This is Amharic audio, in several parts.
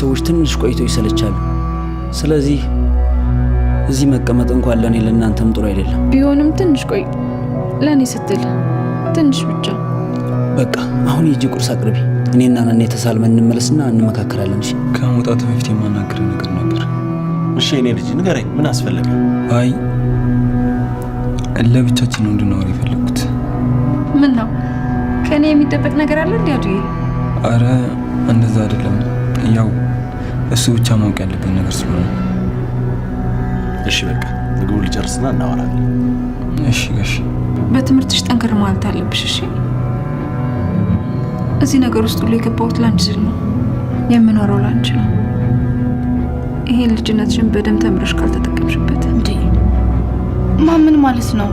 ሰዎች ትንሽ ቆይቶ ይሰለቻሉ። ስለዚህ እዚህ መቀመጥ እንኳን ለእኔ ለእናንተም ጥሩ አይደለም። ቢሆንም ትንሽ ቆይ፣ ለእኔ ስትል ትንሽ ብቻ። በቃ አሁን የእጅ ቁርስ አቅርቢ። እኔና ነን የተሳልመን እንመለስና እንመካከራለን። እሺ። ከመውጣት በፊት የማናገር ነገር ነበር። እሺ፣ እኔ ልጅ ንገረኝ፣ ምን አስፈለገ? አይ ለብቻችን ነው እንድናወር የፈለግኩት። ምን ነው ከእኔ የሚደበቅ ነገር አለ እንዲያዱ? አረ እንደዛ አይደለም ያው እሱ ብቻ ማወቅ ያለብን ነገር ስለሆነ። እሺ በቃ ምግቡ ልጨርስና እናወራለን። እሺ ጋሽ፣ በትምህርትሽ ጠንከር ማለት አለብሽ። እሺ እዚህ ነገር ውስጥ ሁሉ የገባሁት ለአንቺ ስል ነው። የምኖረው ላንች ነው። ይሄ ልጅነትሽን በደንብ ተምረሽ ካልተጠቀምሽበት። እንዴ ማምን ማለት ነው?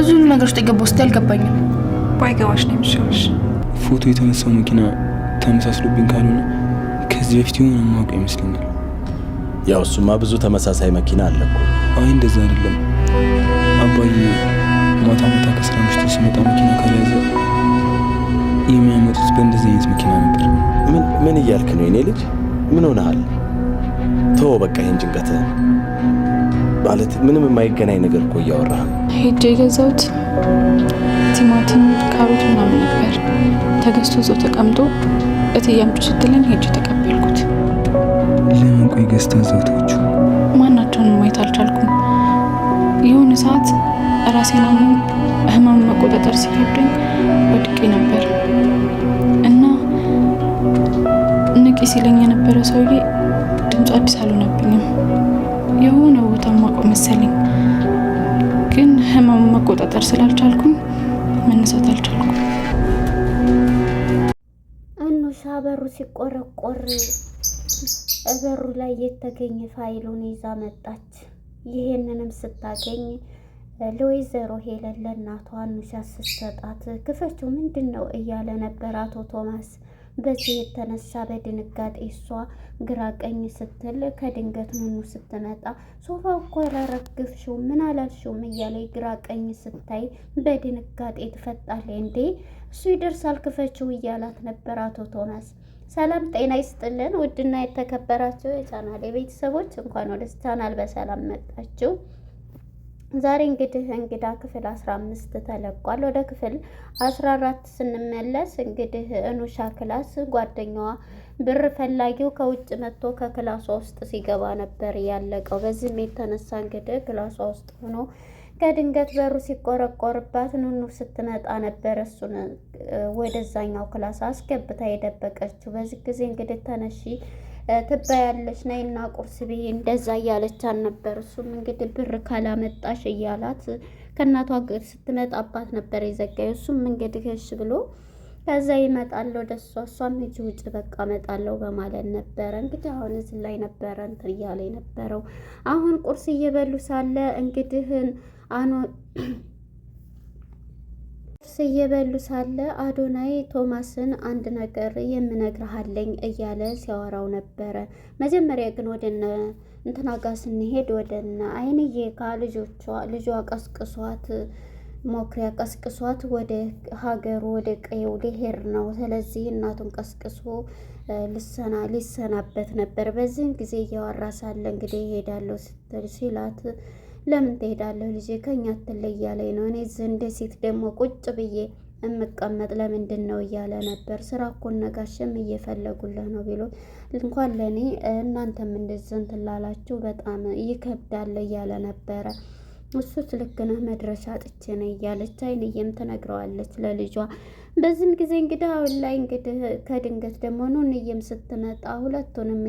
እዚህ ሁሉ ነገር ውስጥ የገባው ውስጥ ያልገባኝም ባይገባሽ ነው የሚሻልሽ። ፎቶ የተነሳው መኪና ተመሳስሎብኝ ካልሆነ ከዚህ በፊት የሆነ የማውቀው ይመስለኛል። ያው እሱማ ብዙ ተመሳሳይ መኪና አለ እኮ። አይ እንደዛ አይደለም አባዬ፣ ማታ ማታ ከስራ ምሽቶ ሲመጣ መኪና ካልያዘ የሚያመጡት በእንደዚህ አይነት መኪና ነበር። ምን ምን እያልክ ነው የኔ ልጅ? ምን ሆነሃል? ተወው በቃ ይህን ጭንቀትህን። ማለት ምንም የማይገናኝ ነገር እኮ እያወራህ ሄጄ የገዛሁት ቲማቲም፣ ካሮት ምናምን ነበር ተገዝቶ እዛው ተቀምጦ እትያምዱ ስትለን ሄጅ የተቀበልኩት። ለምን ቆይ ገዝታ ዘውቶቹ ማናቸውንም ማየት አልቻልኩም። የሆነ ሰዓት ራሴን አሁን ህመም መቆጣጠር ሲከብደኝ ወድቄ ነበር እና ንቂ ሲለኝ የነበረው ሰውዬ ድምፁ አዲስ አልሆነብኝም። የሆነ ቦታ ማቆ መሰለኝ፣ ግን ህመም መቆጣጠር ስላልቻልኩም መነሳት አልቻልኩም። በሩ ሲቆረቆር በሩ ላይ የተገኘ ፋይሉን ይዛ መጣች። ይሄንንም ስታገኝ ለወይዘሮ ሄለን ለእናቷ አኑሻ ስትሰጣት ክፈችው ምንድን ነው እያለ ነበር አቶ ቶማስ። በዚህ የተነሳ በድንጋጤ እሷ ግራ ቀኝ ስትል ከድንገት ምኑ ስትመጣ ሶፋ እኮ አላረግፍሽውም ምን አላልሽውም እያለ ግራ ቀኝ ስታይ በድንጋጤ ትፈጣለ እንዴ እሱ ይደርሳል ክፈችው እያላት ነበር አቶ ቶማስ። ሰላም ጤና ይስጥልን ውድና የተከበራችሁ የቻናል የቤተሰቦች እንኳን ወደ ቻናል በሰላም መጣችሁ። ዛሬ እንግዲህ እንግዳ ክፍል 15 ተለቋል። ወደ ክፍል 14 ስንመለስ እንግዲህ እኑሻ ክላስ ጓደኛዋ ብር ፈላጊው ከውጭ መጥቶ ከክላሷ ውስጥ ሲገባ ነበር ያለቀው። በዚህም የተነሳ እንግዲህ ክላሷ ውስጥ ሆኖ ከድንገት በሩ ሲቆረቆርባት ኑኑ ስትመጣ ነበር እሱን ወደዛኛው ክላስ አስገብታ የደበቀችው። በዚህ ጊዜ እንግዲህ ተነሺ ትበያለሽ ነይና ቁርስ ብዬ እንደዛ እያለች አልነበር። እሱም እንግዲህ ብር ካላመጣሽ እያላት ከእናቷ ስትመጣባት ነበር የዘጋየው። እሱም እንግዲህ እሺ ብሎ ከዛ ይመጣል ወደ እሷ። እሷም ሂጂ ውጭ በቃ እመጣለሁ በማለት ነበረ እንግዲህ። አሁን እዚህ ላይ ነበረ እንትን እያለ የነበረው። አሁን ቁርስ እየበሉ ሳለ እንግዲህን አኖ ቁርስ እየበሉ ሳለ አዶናይ ቶማስን አንድ ነገር የምነግርሃለኝ እያለ ሲያወራው ነበረ። መጀመሪያ ግን ወደ እነ እንትና ጋ ስንሄድ ወደ እነ አይንዬ ጋ ልጆቿ ልጇ ቀስቅሷት ሞክሪያ ቀስቅሷት ወደ ሀገሩ ወደ ቀየው ሊሄድ ነው። ስለዚህ እናቱን ቀስቅሶ ልሰና ሊሰናበት ነበር። በዚህን ጊዜ እያወራ ሳለ እንግዲህ ይሄዳለሁ ስትል ሲላት ለምን ትሄዳለህ ልጄ ከኛ አትለይ እያለኝ ነው። እኔ ዘንድ ሴት ደግሞ ቁጭ ብዬ የምቀመጥ ለምንድን ነው እያለ ነበር። ስራ እኮ ነጋሽም እየፈለጉልህ ነው ቢሎ እንኳን ለእኔ እናንተም እንደዚህ በጣም ይከብዳል እያለ ነበረ። እሱስ ልክ ነህ መድረሻ አጥቼ ነው እያለች አይንዬም ትነግረዋለች ለልጇ። በዚህም ጊዜ እንግዲህ አሁን ላይ እንግዲህ ከድንገት ደግሞ ኑንዬም ስትመጣ ሁለቱንም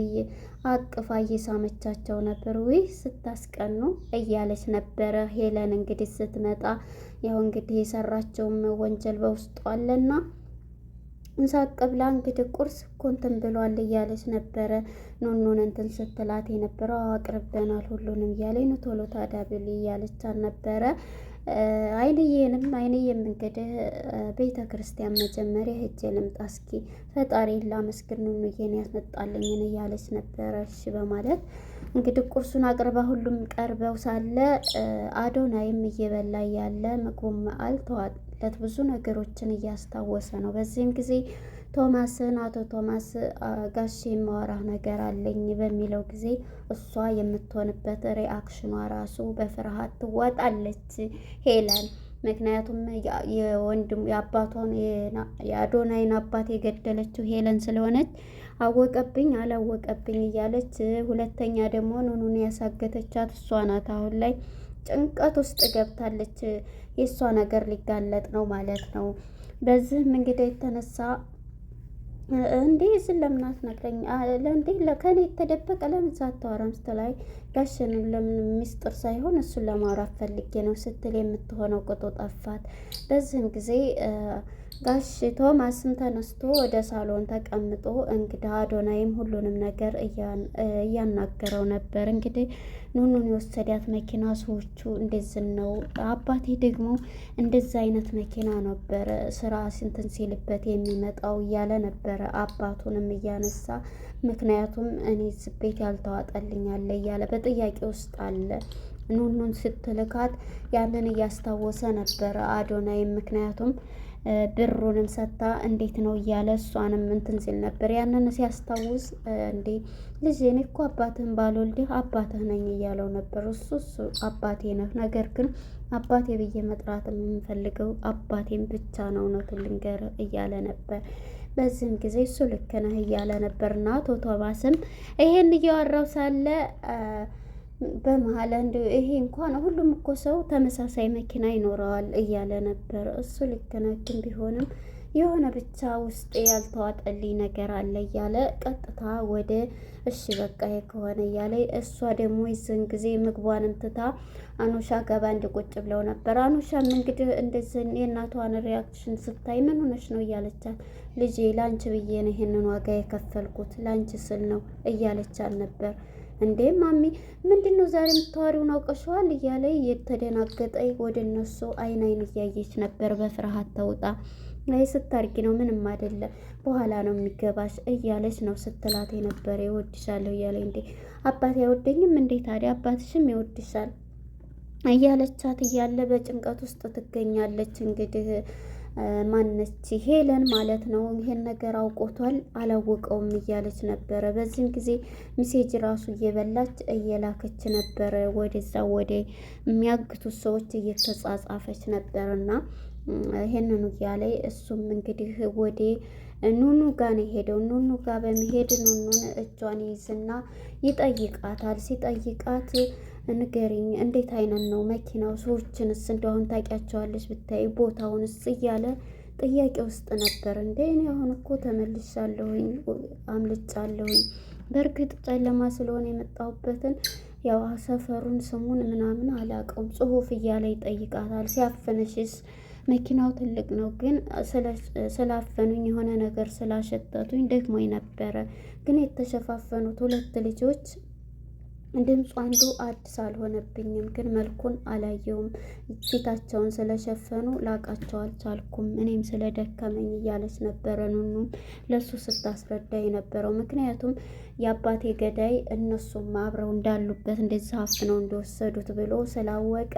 አቅፋ እየሳመቻቸው ነበር። ውይ ስታስቀኑ እያለች ነበረ ሄለን እንግዲህ ስትመጣ ያው እንግዲህ የሰራቸውም ወንጀል በውስጡ አለና እንሳቅ ብላ እንግዲህ ቁርስ እኮ እንትን ብሏል እያለች ነበረ ኖኖን እንትን ስትላት የነበረው አቅርበናል ሁሉንም እያለኝ ነው ቶሎ ታዳ ብሊ እያለች አልነበረ አይንዬንም አይንዬም እንግዲህ ቤተ ክርስቲያን መጀመሪያ ሄጄ ልምጣ እስኪ ፈጣሪ ላመስግን ኑኑዬን ያስመጣልኝን እያለች ነበረ እሺ በማለት እንግዲህ ቁርሱን አቅርባ ሁሉም ቀርበው ሳለ አዶናይም እየበላ ያለ ምግቡም አልተዋጥ ያለበት ብዙ ነገሮችን እያስታወሰ ነው። በዚህም ጊዜ ቶማስን አቶ ቶማስ ጋሼ የማወራህ ነገር አለኝ በሚለው ጊዜ እሷ የምትሆንበት ሪአክሽኗ ራሱ በፍርሃት ትዋጣለች ሄለን። ምክንያቱም የወንድሙ የአባቷን የአዶናይን አባት የገደለችው ሄለን ስለሆነች አወቀብኝ አላወቀብኝ እያለች፣ ሁለተኛ ደግሞ ኑኑን ያሳገተቻት እሷ ናት። አሁን ላይ ጭንቀት ውስጥ ገብታለች። የእሷ ነገር ሊጋለጥ ነው ማለት ነው። በዚህም እንግዲህ የተነሳ እንዴ ዝን ለምን አትነግረኝ? ለእንዴ ከኔ የተደበቀ ለምን ሳታወራም ስትላይ ጋሽን ለምን ሚስጥር ሳይሆን እሱን ለማውራት ፈልጌ ነው ስትል የምትሆነው ቅጡ ጠፋት። በዚህም ጊዜ ጋሽ ቶማስም ተነስቶ ወደ ሳሎን ተቀምጦ እንግዳ አዶናይም ሁሉንም ነገር እያናገረው ነበር። እንግዲህ ኑኑን የወሰዳት መኪና ሰዎቹ እንደዚህ ነው፣ አባቴ ደግሞ እንደዚ አይነት መኪና ነበረ ስራ ስንትን ሲልበት የሚመጣው እያለ ነበረ አባቱንም እያነሳ ምክንያቱም እኔ ስቤት ያልተዋጠልኛለ እያለ በጥያቄ ውስጥ አለ ኑኑን ስትልካት ያንን እያስታወሰ ነበረ አዶናይም ምክንያቱም ብሩንም ሰጥታ እንዴት ነው እያለ እሷንም እንትን ሲል ነበር። ያንን ሲያስታውስ እንዴ ልጄ እኔ እኮ አባትህን ባልወልድህ አባትህ ነኝ እያለው ነበር። እሱ እሱ አባቴ ነህ፣ ነገር ግን አባቴ ብዬ መጥራት የምንፈልገው አባቴን ብቻ ነው፣ እውነቱን ልንገርህ እያለ ነበር። በዚህም ጊዜ እሱ ልክ ነህ እያለ ነበር እና ይሄን እያወራው ሳለ በመሀል አንዱ ይሄ እንኳን ሁሉም እኮ ሰው ተመሳሳይ መኪና ይኖረዋል እያለ ነበር። እሱ ሊገናኝ ቢሆንም የሆነ ብቻ ውስጤ ያልተዋጠልኝ ነገር አለ እያለ ቀጥታ ወደ እሺ በቃ ከሆነ እያለ እሷ ደግሞ ይዘን ጊዜ ምግቧንም ትታ አኑሻ ገባ እንዲቆጭ ብለው ነበር። አኑሻም እንግዲህ እንደዚህ የእናቷን ሪያክሽን ስታይ ምን ሆነች ነው እያለቻት፣ ልጄ ላንቺ ብዬ ነው ይህንን ዋጋ የከፈልኩት ላንቺ ስል ነው እያለቻት ነበር እንዴ ማሚ ምንድን ነው ዛሬ የምታወሪውን አውቀሸዋል? እያለ የተደናገጠ ወደ እነሱ አይን አይን እያየች ነበር። በፍርሃት ተውጣ ላይ ስታርጊ ነው ምንም አይደለም በኋላ ነው የሚገባሽ እያለች ነው ስትላት የነበረ ይወድሻለሁ እያለ እንዴ አባት አይወደኝም እንዴ ታዲያ አባትሽም ይወድሻል እያለቻት እያለ በጭንቀት ውስጥ ትገኛለች እንግዲህ ማነች ሄለን ማለት ነው። ይሄን ነገር አውቆቷል አላወቀውም እያለች ነበረ። በዚህም ጊዜ ሚሴጅ ራሱ እየበላች እየላከች ነበረ። ወደዛ ወደ የሚያግቱት ሰዎች እየተጻጻፈች ነበርና ይሄንን እያለ እሱም እንግዲህ ወደ ኑኑ ጋ ነው የሄደው። ኑኑ ጋ በመሄድ ኑኑን እጇን ይይዝና ይጠይቃታል። ሲጠይቃት ንገሪኝ፣ እንዴት አይነት ነው መኪናው? ሰዎችንስ እንደሆን ታውቂያቸዋለች ብታይ ቦታውንስ እያለ ጥያቄ ውስጥ ነበር። እንደ እኔ አሁን እኮ ተመልሻለሁኝ፣ አምልጫለሁኝ። በእርግጥ ጨለማ ስለሆነ የመጣሁበትን ያው ሰፈሩን ስሙን ምናምን አላውቀውም። ጽሁፍ እያለ ይጠይቃታል። ሲያፈነሽስ መኪናው ትልቅ ነው፣ ግን ስላፈኑኝ የሆነ ነገር ስላሸተቱኝ ደግሞ ነበረ። ግን የተሸፋፈኑት ሁለት ልጆች ድምፁ አንዱ አዲስ አልሆነብኝም፣ ግን መልኩን አላየውም። ፊታቸውን ስለሸፈኑ ላቃቸው አልቻልኩም። እኔም ስለደከመኝ እያለች ነበረ። ኑኑ ለሱ ስታስረዳ የነበረው ምክንያቱም የአባቴ ገዳይ እነሱም አብረው እንዳሉበት እንደዛ አፍነው እንደወሰዱት ብሎ ስላወቀ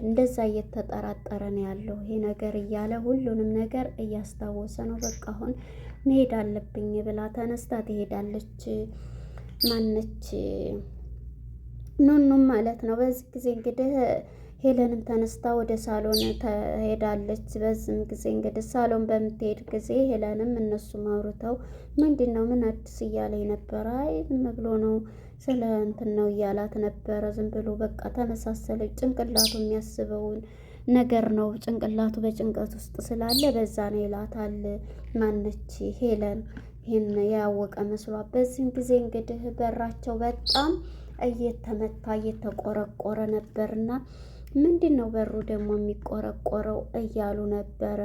እንደዛ እየተጠራጠረ ነው ያለው ይሄ ነገር እያለ ሁሉንም ነገር እያስታወሰ ነው። በቃ አሁን መሄድ አለብኝ ብላ ተነስታ ትሄዳለች። ማነች ኑኑም ማለት ነው። በዚህ ጊዜ እንግዲህ ሄለንም ተነስታ ወደ ሳሎን ትሄዳለች። በዚህም ጊዜ እንግዲህ ሳሎን በምትሄድ ጊዜ ሄለንም እነሱም አውርተው ምንድን ነው ምን አዲስ እያለ ነበረ። አይ ዝም ብሎ ነው ስለ እንትን ነው እያላት ነበረ። ዝም ብሎ በቃ ተመሳሰለ ጭንቅላቱ የሚያስበውን ነገር ነው። ጭንቅላቱ በጭንቀት ውስጥ ስላለ በዛ ነው ይላታል። ማነች ሄለን ይህን ያወቀ መስሏ። በዚህም ጊዜ እንግዲህ በራቸው በጣም እየተመታ እየተቆረቆረ ነበርና ምንድን ነው በሩ ደግሞ የሚቆረቆረው እያሉ ነበረ።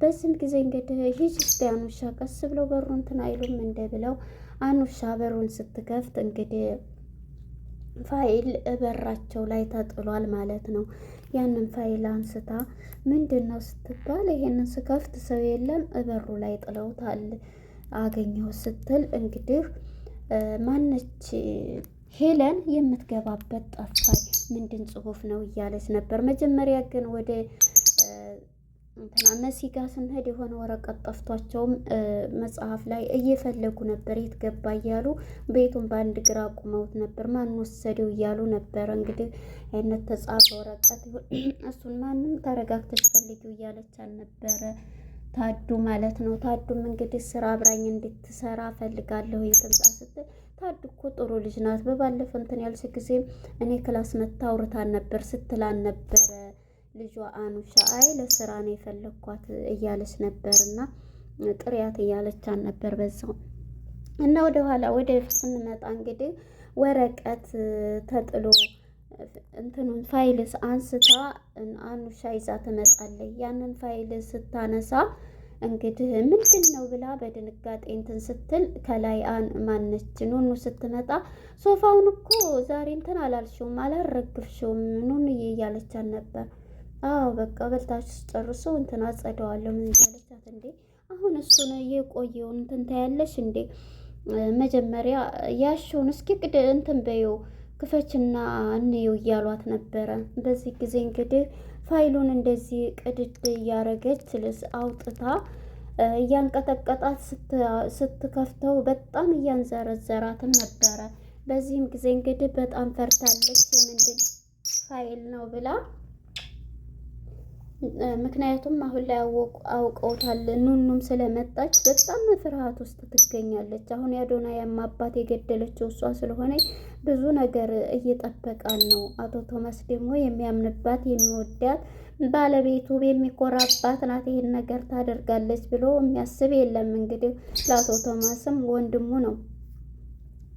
በዚህም ጊዜ እንግዲህ ሂጂ እስኪ አኑሻ ቀስ ብለው በሩ እንትን አይሉም እንደ ብለው አኑሻ በሩን ስትከፍት እንግዲህ ፋይል በራቸው ላይ ተጥሏል ማለት ነው። ያንን ፋይል አንስታ ምንድን ነው ስትባል ይሄንን ስከፍት ሰው የለም እበሩ ላይ ጥለውታል አገኘው ስትል እንግዲህ ማነች ሄለን የምትገባበት ጠፋኝ፣ ምንድን ጽሁፍ ነው እያለች ነበር። መጀመሪያ ግን ወደ እንትና መሲ ጋር ስንሄድ የሆነ ወረቀት ጠፍቷቸውም መጽሐፍ ላይ እየፈለጉ ነበር፣ የት ገባ እያሉ ቤቱን በአንድ ግራ አቁመውት ነበር። ማን ወሰደው እያሉ ነበር። እንግዲህ አይነት ተጻፈ ወረቀት እሱን ማንም ተረጋግተሽ ፈልጊው እያለች አልነበረ ታዱ ማለት ነው። ታዱም እንግዲህ ስራ አብራኝ እንድትሰራ ፈልጋለሁ የተንጻ ስትል ታዱ እኮ ጥሩ ልጅ ናት። በባለፈው እንትን ያልሽ ጊዜ እኔ ክላስ መታ አውርታን ነበር ስትላን ነበረ ልጇ አኑሻ። አይ ለስራ ነው የፈለግኳት እያለች ነበር እና ጥሪያት እያለቻን ነበር በዛው እና ወደ ኋላ ወደ ስንመጣ እንግዲህ ወረቀት ተጥሎ እንትኑን ፋይልስ አንስታ አኑሻ ይዛ ትመጣለች። ያንን ፋይል ስታነሳ እንግዲህ ምንድን ነው ብላ በድንጋጤ እንትን ስትል ከላይ አን ማነች ኑኑ ስትመጣ ሶፋውን እኮ ዛሬ እንትን አላልሽውም አላረግፍሽውም ኑኑዬ እያለቻት ነበር። አዎ በቃ በልታችሁ ጨርሶ እንትን አጸደዋለሁ ምን እያለቻት እንዴ፣ አሁን እሱን የቆየውን እንትን ታያለሽ እንዴ መጀመሪያ ያሽውን እስኪ ቅድ እንትን በይው ክፈችና እንየው እያሏት ነበረ። በዚህ ጊዜ እንግዲህ ፋይሉን እንደዚህ ቅድድ እያደረገች ልስ አውጥታ እያንቀጠቀጣት ስትከፍተው በጣም እያንዘረዘራትም ነበረ። በዚህም ጊዜ እንግዲህ በጣም ፈርታለች። የምንድን ፋይል ነው ብላ ምክንያቱም አሁን ላይ አውቀውታል። ኑኑም ስለመጣች በጣም ፍርሃት ውስጥ ትገኛለች። አሁን ያዶና አባት የገደለችው እሷ ስለሆነ ብዙ ነገር እየጠበቃን ነው። አቶ ቶማስ ደግሞ የሚያምንባት የሚወዳት ባለቤቱ የሚኮራባት ናት። ይህን ነገር ታደርጋለች ብሎ የሚያስብ የለም። እንግዲህ ለአቶ ቶማስም ወንድሙ ነው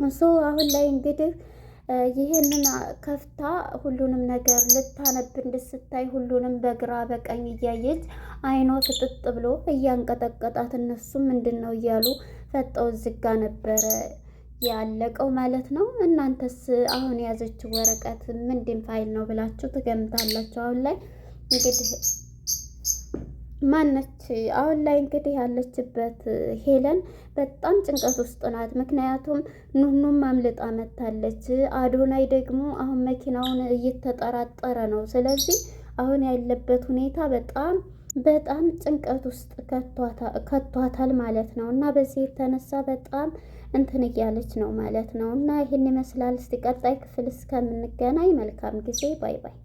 እሱ አሁን ላይ እንግዲህ ይህንን ከፍታ ሁሉንም ነገር ልታነብ እንድስታይ ሁሉንም በግራ በቀኝ እያየች አይኗ ፍጥጥ ብሎ እያንቀጠቀጣት እነሱ ምንድን ነው እያሉ ፈጠው ዝጋ ነበረ ያለቀው ማለት ነው። እናንተስ አሁን የያዘችው ወረቀት ምንድን ፋይል ነው ብላችሁ ትገምታላችሁ? አሁን ላይ እንግዲህ ማነች አሁን ላይ እንግዲህ ያለችበት ሄለን በጣም ጭንቀት ውስጥ ናት። ምክንያቱም ኑኑም አምልጣ መታለች። አዶናይ ደግሞ አሁን መኪናውን እየተጠራጠረ ነው። ስለዚህ አሁን ያለበት ሁኔታ በጣም በጣም ጭንቀት ውስጥ ከቷታል ማለት ነው። እና በዚህ የተነሳ በጣም እንትን እያለች ነው ማለት ነው። እና ይህን ይመስላል። እስቲ ቀጣይ ክፍል እስከምንገናኝ መልካም ጊዜ። ባይ ባይ